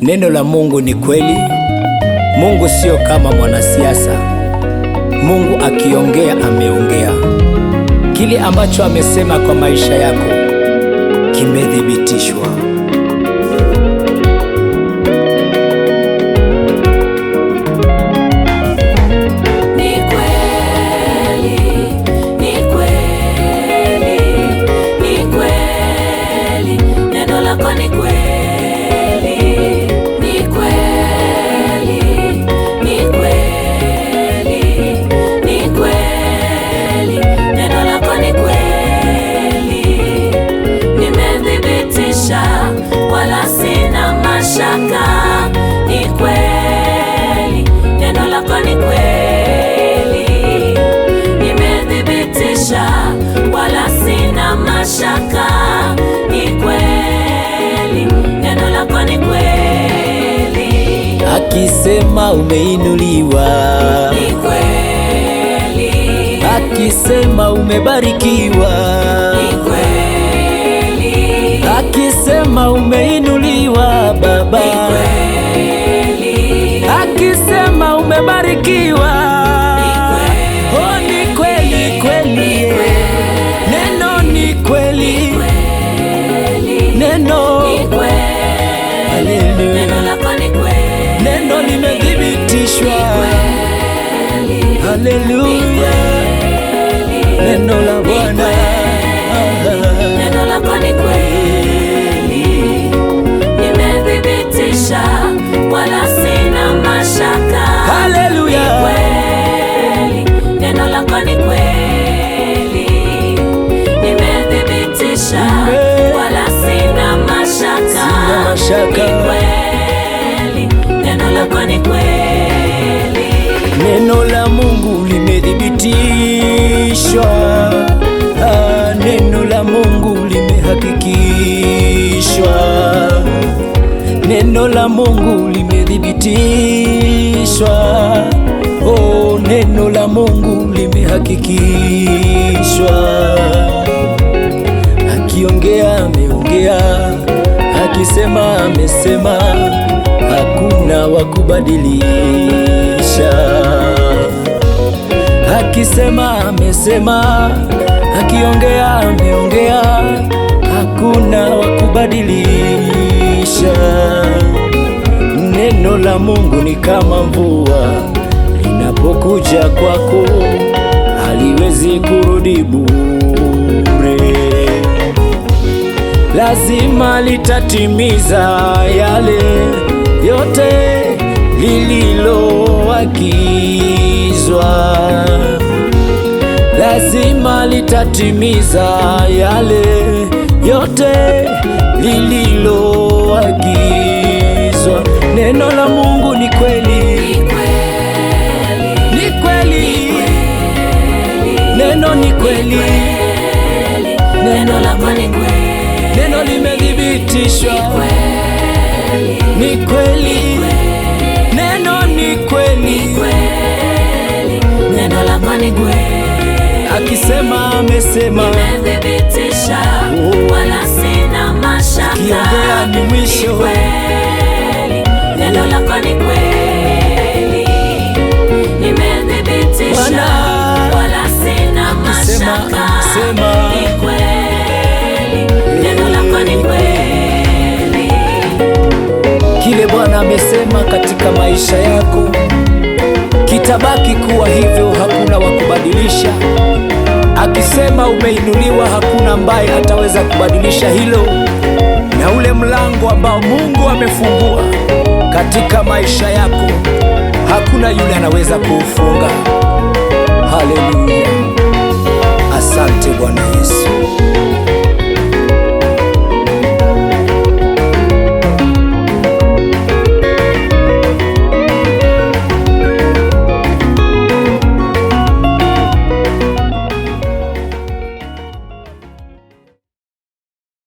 Neno la Mungu ni kweli. Mungu sio kama mwanasiasa. Mungu akiongea, ameongea. Kile ambacho amesema kwa maisha yako kimethibitishwa. shaka ni kweli, neno lako ni kweli, nimethibitisha wala sina mashaka. Ni kweli, neno lako ni kweli, akisema umeinuliwa ni kweli, akisema umebarikiwa ni kweli, akisema ume Baba akisema umebarikiwa. Oh, ni kweli kweli, neno ni kweli, neno neno limethibitishwa. Haleluya. shaka. Ni kweli, Neno la Mungu limethibitishwa, ah, neno la Mungu limehakikishwa, neno la Mungu limethibitishwa, oh, neno la Mungu limehakikishwa, akiongea ameongea ukisema amesema, hakuna wa kubadilisha. Akisema amesema, akiongea ameongea, hakuna wa kubadilisha. Neno la Mungu ni kama mvua, linapokuja kwako haliwezi kurudi bure. lazima litatimiza yale yote lililoagizwa, lazima litatimiza yale yote lililoagizwa. Neno la Mungu ni kweli, ni kweli, neno ni kweli, neno la Mungu neno limedhibitishwa, ni kweli, neno ni kweli, neno lako ni kweli. Akisema amesema, nimedhibitisha, oh. wala sina mashaka, kiongea ni mwisho, neno lako ni kweli, nimedhibitisha, wala sina mashaka akisema amesema mema katika maisha yako, kitabaki kuwa hivyo, hakuna wa kubadilisha. Akisema umeinuliwa, hakuna ambaye ataweza kubadilisha hilo, na ule mlango ambao Mungu amefungua katika maisha yako, hakuna yule anaweza kuufunga. Haleluya.